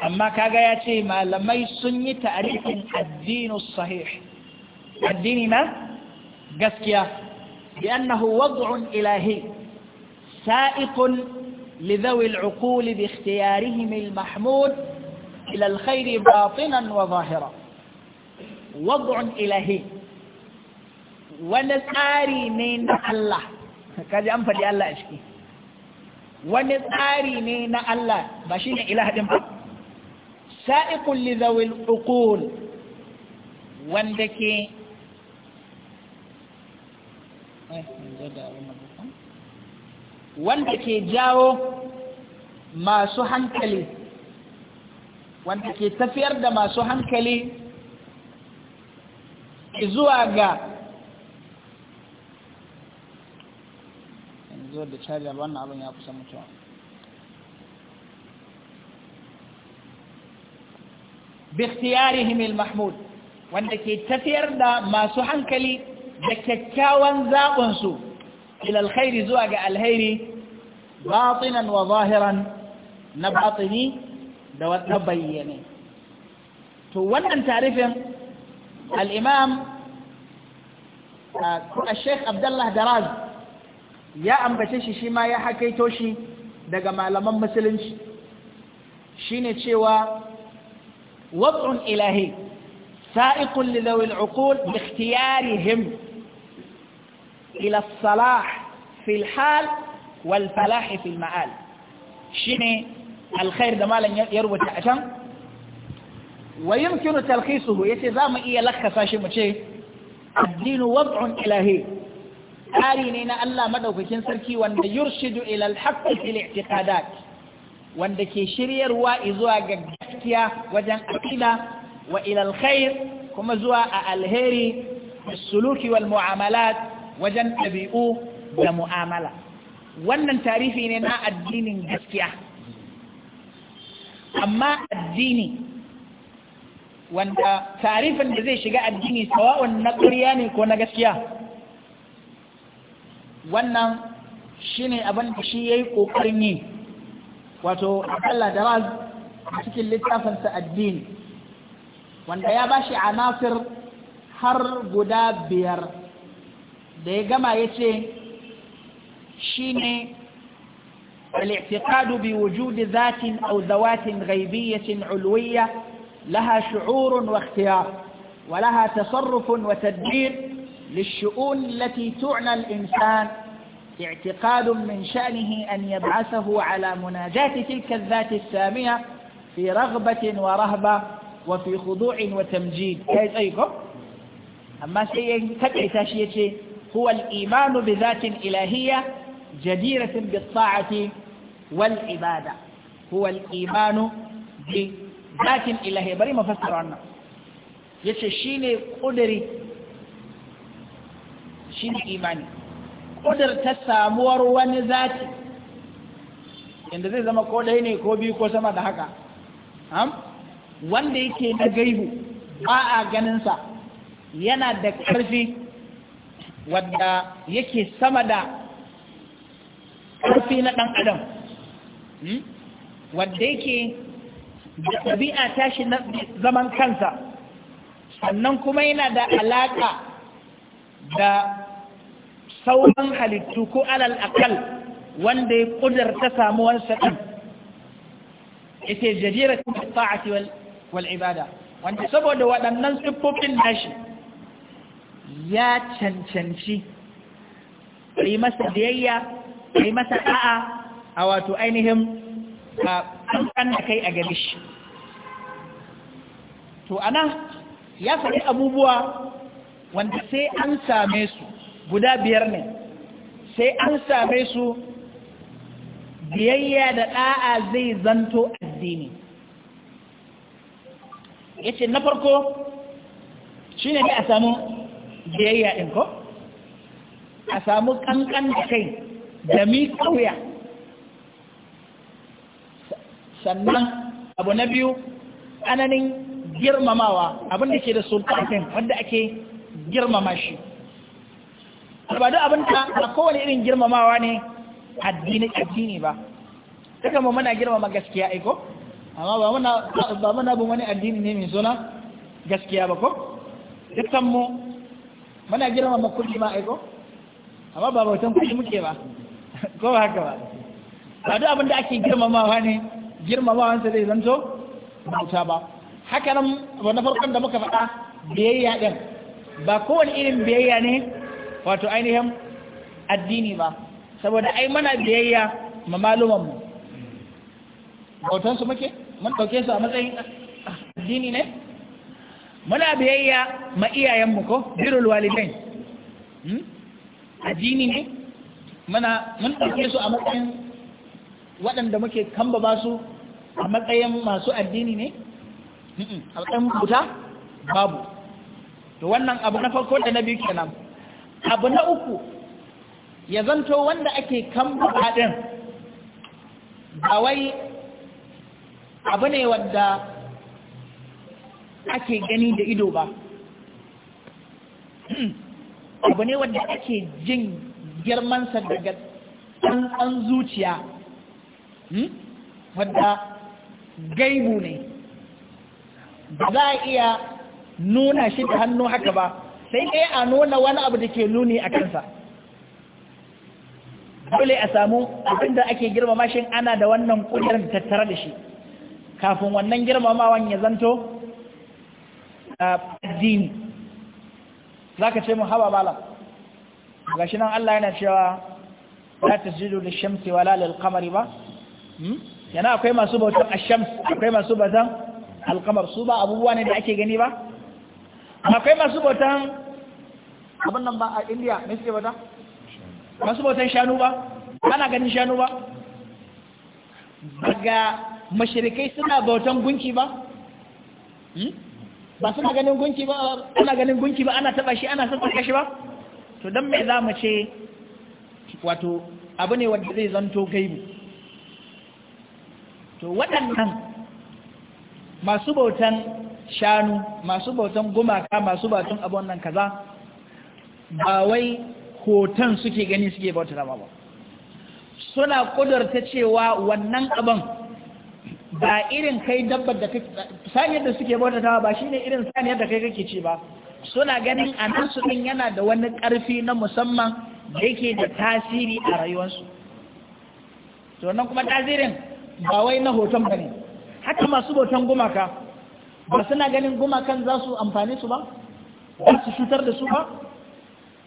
amma kaga ya ce malamai sun yi ta'arifin addinu sahih addini na gaskiya bi annahu wad'un ilahi sa'iqun لذوي ila باختيارهم المحمود إلى الخير باطنا وظاهرا وضع إلهي ونساري من الله kaji an faɗi Allah a ciki wani tsari ne na Allah ba shi ne ilahadin ba sa'iqul li zawil uqul wanda ke eh, wanda ke jawo masu hankali wanda ke tafiyar da masu hankali zuwa ga zuwa da carrier ba wannan abin ya kusa mutuwa bikhtiyarihim al-mahmud wanda ke tafiyar da masu hankali da kyakkyawan zaɓinsu ila alkhairi zuwa ga alkhairi batinan wa zahiran na batini da wata bayyane to wannan tarifin al-imam الشيخ عبد الله دراز ya ambace shi shi ma ya hakaito shi daga malaman musulunci shine ne cewa wab'un ilahi sa’iƙun lilawil uƙul ikhtiyari him ilassalah fil hal wal falahi fil ma’al alkhair da malam yar rubuta a can wa yi mkinu talhisu ya ce za mu iya lakasa shi mu ce addinu wab'un ilahi tsari ne na Allah madaukakin sarki wanda yurshidu ila al-haqq fil i'tiqadat wanda ke shiryarwa zuwa ga gaskiya wajen aqida wa ila al kuma zuwa a alheri suluki wal mu'amalat wajen ɗabi'u da mu'amala wannan tarifi ne na addinin gaskiya amma addini wanda tarifin da zai shiga addini sawa'un na ƙarya ne ko na gaskiya wannan shine abin da shi yayi kokarin yi wato Allah da raz a cikin littafin sa addini wanda ya bashi anasir har guda biyar da ya gama yace shine الاعتقاد بوجود ذات أو ذوات غيبية علوية لها شعور واختيار ولها تصرف وتدبير للشؤون التي تعنى الإنسان اعتقاد من شأنه أن يبعثه على مناجاة تلك الذات السامية في رغبة ورهبة وفي خضوع وتمجيد أيكم أيوة. أما سيكتع تاشية هو الإيمان بذات إلهية جديرة بالطاعة والعبادة هو الإيمان بذات إلهية بريم فسر عنه يتشيني قدري shi ne imani ta samuwar wani zati inda zai zama ko ɗaya ne ko biyu ko sama da haka wanda yake na gaibu ba a ganinsa yana da ƙarfi wadda yake sama da ƙarfi na ɗan adam hmm? wadda yake da ɗabi'a tashi na zaman kansa sannan kuma yana da alaƙa da sauran halittu ko alal akal wanda ya samu wansa ɗin ita jajira ta ta'ati wal ibada wanda saboda waɗannan siffofin nashi ya cancanci yi masa biyayya yi masa ɗa'a a wato ainihin a da kai a gari shi to ana ya faɗi abubuwa wanda sai an same su guda biyar ne sai an same su biyayya da ɗa'a zai zanto addini ya ce na farko shi ne a samu biyayya ɗin ko a samu ƙanƙan da kai da mi kauya? sannan abu na biyu ananin girmamawa abinda ke da sultanin wanda ake girmama shi ba duk abin da a kowane irin girmamawa ne addini addini ba duka mu muna girmama gaskiya aiko amma ba muna ba muna bin wani addini ne mai suna gaskiya ba ko dukkan mu muna girmama kuɗi ma aiko amma ba bautan kuɗi muke ba ko ba haka ba ba duk abin da ake girmamawa ne sai zai zanto bauta ba haka nan na farkon da muka faɗa biyayya ɗin ba kowane irin biyayya ne wato ainihin addini ba saboda ai mana biyayya ma malumanmu bautansu muke mun dauke su a matsayin addini ne muna biyayya ma iyayenmu ko birul walidain hmm? addini ne muna mun dauke su a matsayin waɗanda muke kamba ba su a matsayin masu addini ne hmm, hmm. a matsayin buta babu to wannan abu na farko da na biyu kenan abu na uku ya zanto wanda ake kamba baɗin ba wai abu ne wadda ake gani da ido ba abu ne wadda ake jin girmansa daga ɗan zuciya hmm? wadda gaibu ne ba za a iya nuna shi da hannu haka ba sai ɗaya a nuna wani abu da ke nuni a kansa dole a samu abin da ake girmama shi ana da wannan da tattare da shi kafin wannan girmamawan ya zanto addini za ka ce mu haba malam ga shi nan Allah yana cewa ta tasjudu da shamsi wala lalil kamari ba hmm? yana akwai masu bautan a shamsi? akwai masu bautan alkamar su ba abubuwa ne da ake gani ba akwai masu bautan abin nan ba a indiya mai suke bauta masu bautan shanu ba ana ganin shanu ba daga mashirikai suna bautan gunki ba hmm? ba suna ganin gunki ba ana ganin gunki ba ana taba shi ana sassaka shi ba to don mai za mu ce wato abu ne wanda zai zanto gaibu to waɗannan masu bautan shanu masu bautan gumaka masu batun abu nan kaza ba wai hoton suke gani suke bauta ba suna kudurta cewa wannan abin ba irin kai dabbar da kai saniyar da suke bauta ba shine irin saniyar da kai kake ce ba suna ganin a nan su ɗin yana da wani ƙarfi na musamman da yake da tasiri a rayuwarsu to nan kuma tasirin ba wai na hoton ba haka masu hoton gumaka ba suna ganin gumakan za su amfani su ba ba su cutar da su ba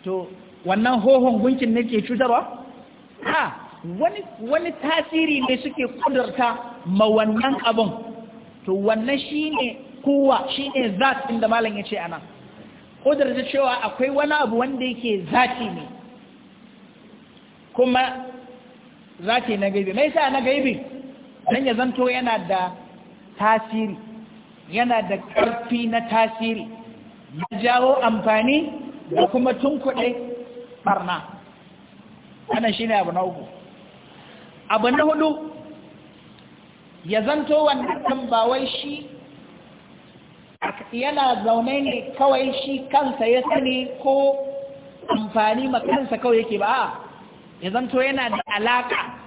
to wannan hohon gunkin ne ke cutarwa ha wani tasiri ne suke kudurta ma wannan abin to wannan shine kowa shine zat inda malam ce anan kudurta cewa akwai wani abu wanda yake zati ne kuma zati na gaibi mai sa na gaibi dan ya zanto yana da tasiri yana da ƙarfi na tasiri Ya jawo amfani da kuma tunkuɗe ɓarna wannan shi ne abu na uku abu na hudu ya zanto wannan ba wai shi yana zaune ne kawai shi kansa ya sani ko amfani ma kansa kawai yake ba ya zanto yana da alaƙa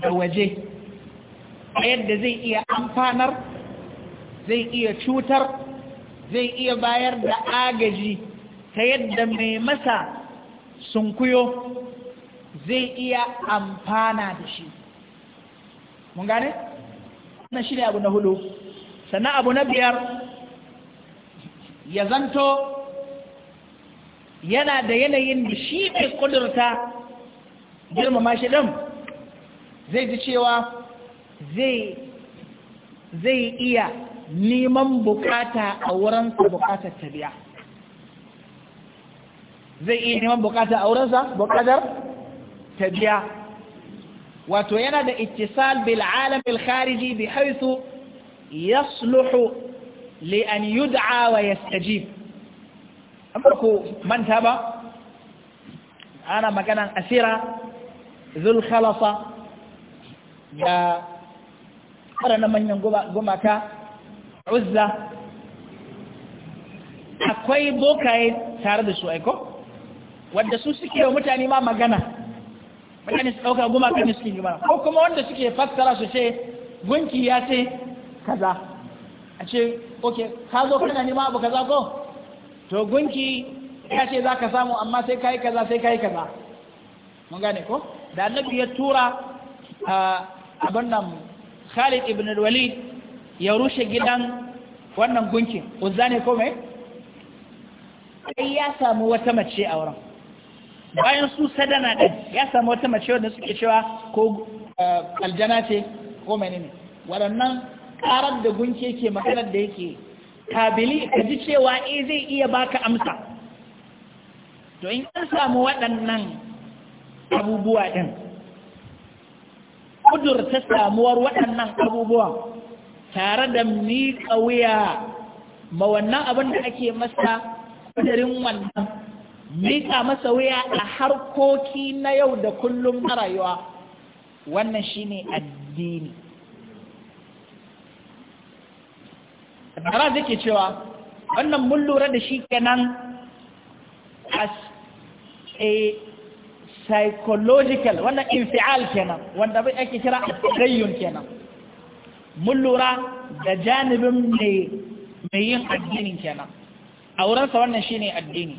da waje yadda zai iya amfanar zai iya cutar zai iya bayar da agaji ta yadda mai masa sunkuyo zai iya amfana da shi mun gane? na shi abu na hudu sannan abu na biyar ya zanto yana da yanayin da shi mai kudurta girmama shi ɗin zai ji cewa zai iya neman bukata a wurinsa bukatar tabiya zai iya neman bukata a wurinsa bukatar tabiya wato yana da ittisal bil alam bil khariji bi haythu yasluhu li an yud'a wa yastajib amma ko manta ba ana magana asira zul khalasa da waɗannan manyan gumaka uzza akwai bokaye tare da su aiko wadda su suke wa mutane ma magana mutane su ɗauka goma kan suke yi mana ko kuma wanda suke fassara su ce gunki ya ce kaza a ce ok ka zo kana nema abu kaza ko to gunki ya ce za ka samu amma sai ka yi kaza sai ka yi kaza mun gane ko da annabi ya tura a ah, abin nan khalid ibn walid ya rushe gidan wannan gunkin uzza ne ko mai ya samu wata mace a wurin bayan su sadana din ya samu wata mace wanda suke cewa ko eh, aljana ce ko mai ne waɗannan karar da gunki yake maganar da yake kabili ka ji cewa e zai iya baka amsa to in an samu waɗannan abubuwa ɗin ta samuwar waɗannan abubuwan tare da miƙa wuya ma wannan abin da ake masa ƙudurin wannan miƙa masa wuya a harkoki na yau da kullum na rayuwa wannan shine addini Dara zai cewa wannan mun lura da shi kenan as a psychological wannan infial kenan wanda bai ake kira a kenan mun lura da janibin mai yin addinin kenan a wurinsa wannan shine addini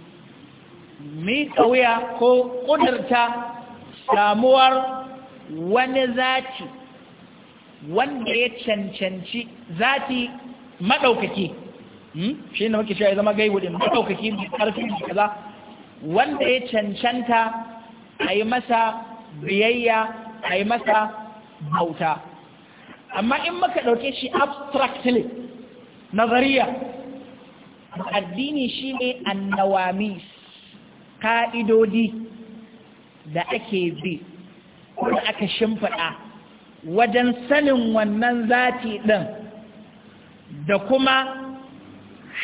miƙa wuya ko ƙudurta samuwar wani zati wanda ya cancanci zati maɗaukaki hmm? shi ne muke cewa zama gaibu ɗin maɗaukaki mai ƙarfi mai kaza wanda ya cancanta a yi masa biyayya a yi masa bauta amma in maka ɗauke shi abstractly nazariya addini shi ne annawami ka'idodi da ake bi ko da aka shimfiɗa wajen sanin wannan zati ɗin da kuma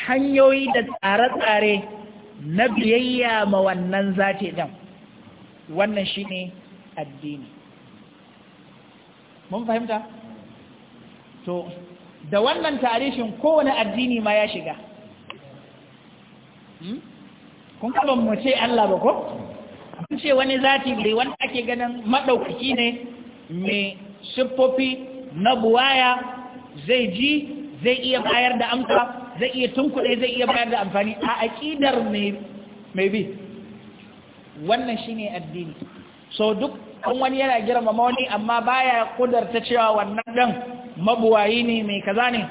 hanyoyi da tsare-tsare na biyayya ma wannan zati ɗin wannan shi ne addini mun fahimta? to da wannan tarihin kowane addini ma ya shiga hmm? kun kaba mu ce Allah ba ko kun ce wani zati ne wanda ake ganin maɗaukaki ne mai siffofi na buwaya zai ji zai iya bayar da amsa zai iya tunkuɗe zai iya bayar da amfani a aƙidar mai bi wannan shi ne addini so duk wani yana girmama wani amma baya kudarta cewa wannan dan mabuwayi ne mai kaza ne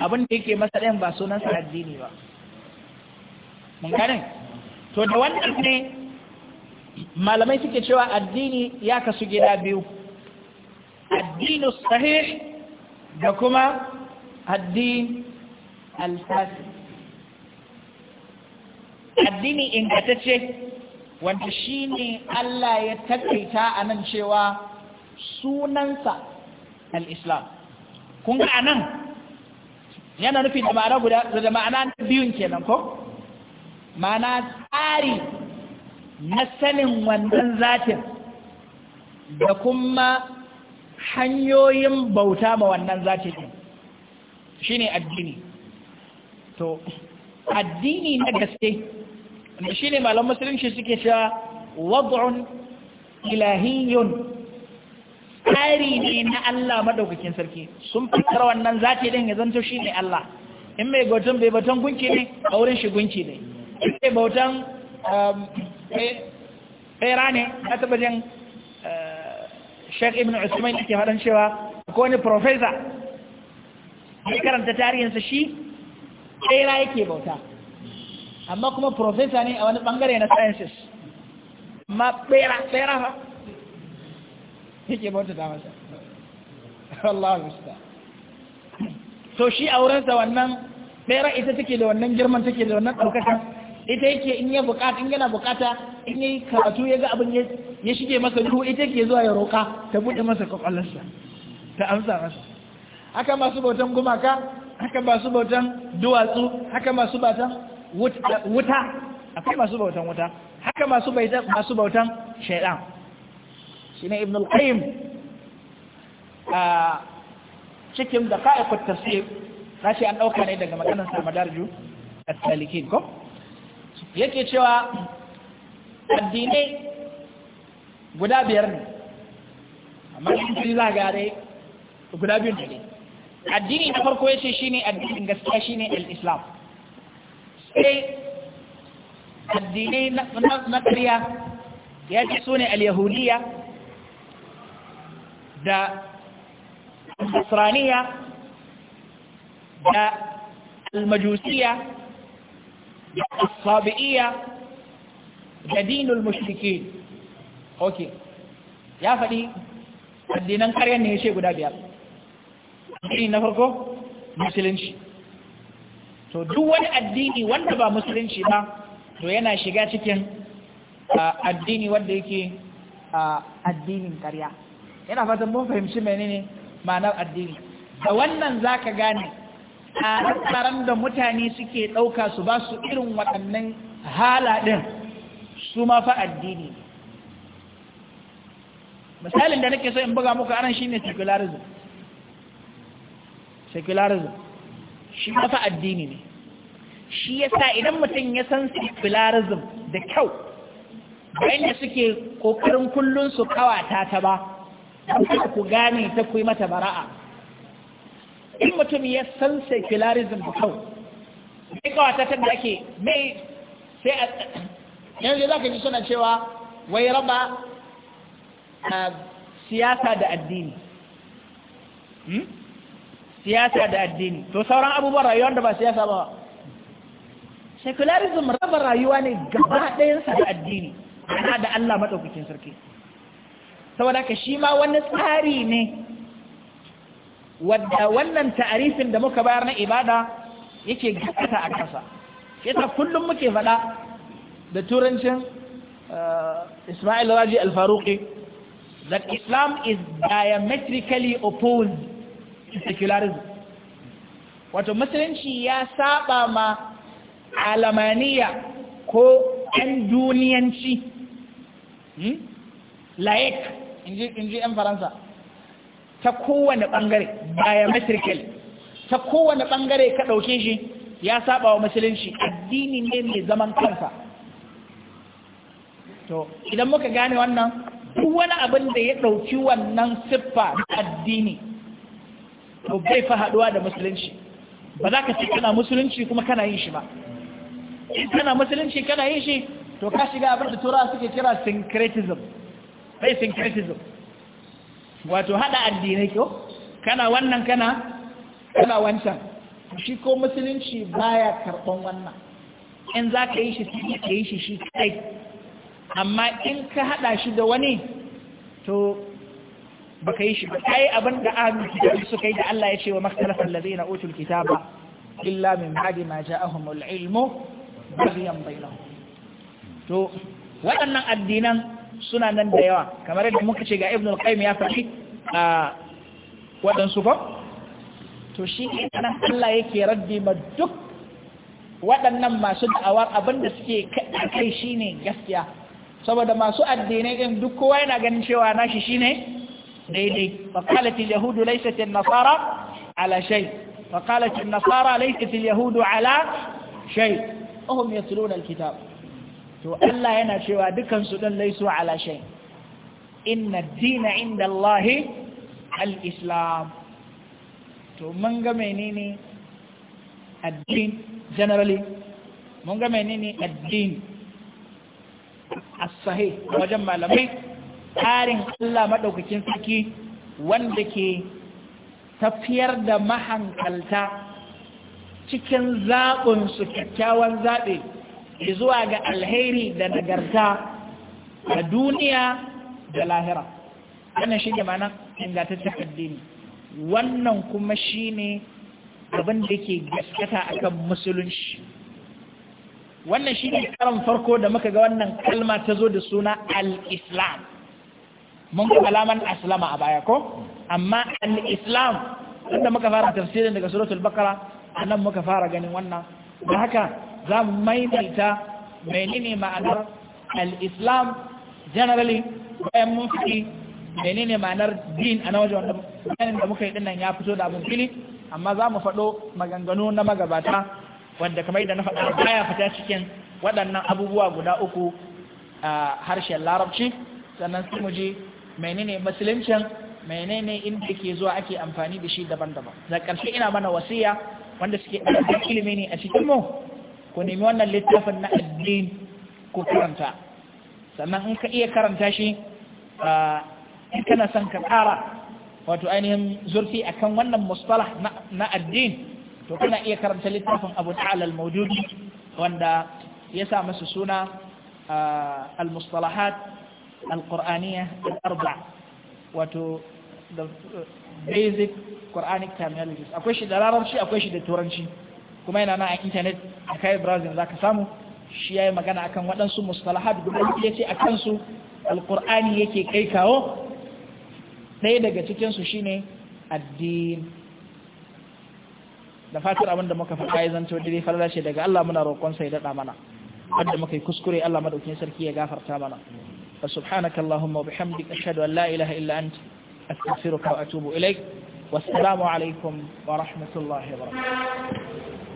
abin da yake masa ɗayan ba sunansa addini ba mun ne? to da wannan ne malamai suke cewa addini ya kasu gida biyu addinu sahih da kuma addin alfasi addini ingantacce wanda shi ne Allah ya takaita a nan cewa sunansa al-islam kun ga anan yana nufi da ma'ana guda da ma'ana biyun kenan ko ma'ana tsari na sanin wannan zatin da kuma hanyoyin bauta ma wannan zatin din shine addini to addini na gaske shine malaman musulunci suke cewa wad'un ilahiyyun tsari ne na Allah madaukakin sarki sun fitar wannan zati din ya zanto shi ne Allah in mai bautan bai bautan gunki ne a wurin shi gunki ne in mai bautan tsera um, ne na taɓa jin eh, ibn usman yake faɗin cewa ko wani profesa ya karanta tarihinsa shi tsera yake bauta amma kuma profesa ne a wani ɓangare na sciences ma tsera tsera fa yake ta masa Allah musta To shi aurensa wannan tsera ita take da wannan girman take da wannan ɗaukakan, ita yake in ya bukata in yana bukata in yi karatu ya ga abin ya shige masa duhu ita ke zuwa ya roƙa ta buɗe masa kwakwallarsa ta amsa masa haka masu bautan gumaka haka masu bautan duwatsu haka masu bautan wuta akwai masu bautan wuta haka masu bautan shaidan ne ibn al-qayyim a cikin da ka'ikut tafsir shi an dauka ne daga maganar samadarju a talikin ko yake cewa addinai guda biyar ne amma shi za ga dai guda biyu ne addini na farko yace ne addinin gaskiya shi ne al-islam sai addinai na ƙariya ya ce su ne al yahudiyya da nasraniya da almajusiya da asabi'iya da dinul mushriki ok ya faɗi addinan karyar ne ya ce guda biyar addini na farko musulunci to duk wani addini wanda ba musulunci ba to yana shiga cikin addini wanda yake addinin karya Yana fatan mun fahimci menene ma'anar addini da wannan zaka gane a tsaran da mutane suke ɗauka su ba su irin waɗannan hala ɗin su ma fa addini misalin da nake so in buga muku anan shine secularism secularism shi ma fa addini ne shi yasa idan mutum ya san secularism da kyau bayan da suke kokarin kullun su kawata ta ba kada ku gane ta kuyi mata bara'a in mutum ya san secularism da kau mai ta da ake mai sai a yanzu za ka ji suna cewa wai raba siyasa da addini hmm? siyasa da addini to sauran abubuwan rayuwar da ba siyasa ba secularism raba rayuwa ne gaba ɗayansa da addini ana da Allah maɗaukakin sarki saboda ka shi ma wani tsari ne wadda wannan ta'arifin da muka bayar na ibada yake gaskata a ƙasa yasa kullum muke faɗa da turancin eh, Ismail Raji Al-Faruqi that Islam is diametrically opposed to secularism wato musulunci ya saba ma alamaniya ko yan duniyanci hmm? laik in ji 'yan faransa ta kowane ɓangare biometrical ta kowane ɓangare ka ɗauke shi ya saba wa musulunci addini ne mai zaman kansa to idan muka gane wannan duk wani abin da ya ɗauki wannan siffa na addini to bai fa haɗuwa da musulunci ba za ka ce kana musulunci kuma kana yin shi ba in kana musulunci kana yin shi to ka shiga abin da turawa suke kira syncretism syncretism wato hada addinai ko kana wannan kana kana wancan shi ko musulunci baya karban wannan in za ka yi shi ka yi shi shi kai amma in ka hada shi da wani to baka yi shi ba kai abin da suka yi da Allah ya ce wa maktalafal na utul kitaba illa min ma ilmu to waɗannan addinan suna nan da yawa kamar yadda muka ce ga ibn al-qayyim ya faɗi a waɗansu ba to shi ne Allah yake raddi ma duk waɗannan masu da'awar abinda suke kai shine gaskiya saboda masu addinai din duk kowa yana ganin cewa nashi shine daidai fa qalat al-yahudu laysat an-nasara ala shay fa qalat an-nasara laysat al-yahudu ala shay hum yatluna al-kitab to Allah yana cewa dukansu ɗan laisu ala shai inna dina inda Allahi al-islam to mun ga menene addin generally mun ga menene addin as-sahih wajen malamai tsarin Allah madaukakin sarki wanda ke tafiyar da mahankalta cikin zaɓinsu kyakkyawan zaɓe zuwa ga alheri da nagarta a duniya da lahira wannan shi ne mana ingantaccen addini wannan kuma shi ne abin da ke gaskata akan musulunci wannan shi ne karan farko da muka ga wannan kalma ta zo da suna al-islam mun ga alaman aslama a baya ko amma al-islam wanda muka fara tafsirin daga suratul bakara a nan muka fara ganin wannan da haka za mu maimaita menene ma'anar al-islam generally bayan mun fi menene ma'anar din a na waje wanda bayanin da muka yi dinnan ya fito da abin fili amma za mu faɗo maganganu na magabata wanda kamar da na faɗa baya fita cikin waɗannan abubuwa guda uku a harshen larabci sannan sai mu ji menene musuluncin menene inda ke zuwa ake amfani da shi daban-daban da ƙarshe ina mana wasiya wanda suke ɗaukar ilimi ne a cikin mu ku nemi wannan littafin na addini ku karanta sannan in ka iya karanta shi in kana son ka ƙara wato ainihin zurfi akan wannan mustalah na addini to kana iya karanta littafin abu ta'ala al-mawdudi wanda ya sa masa suna al-mustalahat al-qur'aniyya al-arba wato uh, basic quranic terminologies akwai shi da larabci akwai shi da turanci kuma yana nan a intanet a kai brazil za ka samu shi ya yi magana akan waɗansu mustalahat guda ya ce a kansu alƙur'ani yake kai kawo ɗaya daga cikinsu shi ne addini da fatar abinda muka faɗa ya zanto dai farla ce daga Allah muna roƙon sai daɗa mana wanda muka yi kuskure Allah madaukin sarki ya gafarta mana wa subhanaka allahumma wa bihamdika ashhadu an la ilaha illa anta astaghfiruka wa atubu ilaik wassalamu alaikum wa rahmatullahi wa barakatuh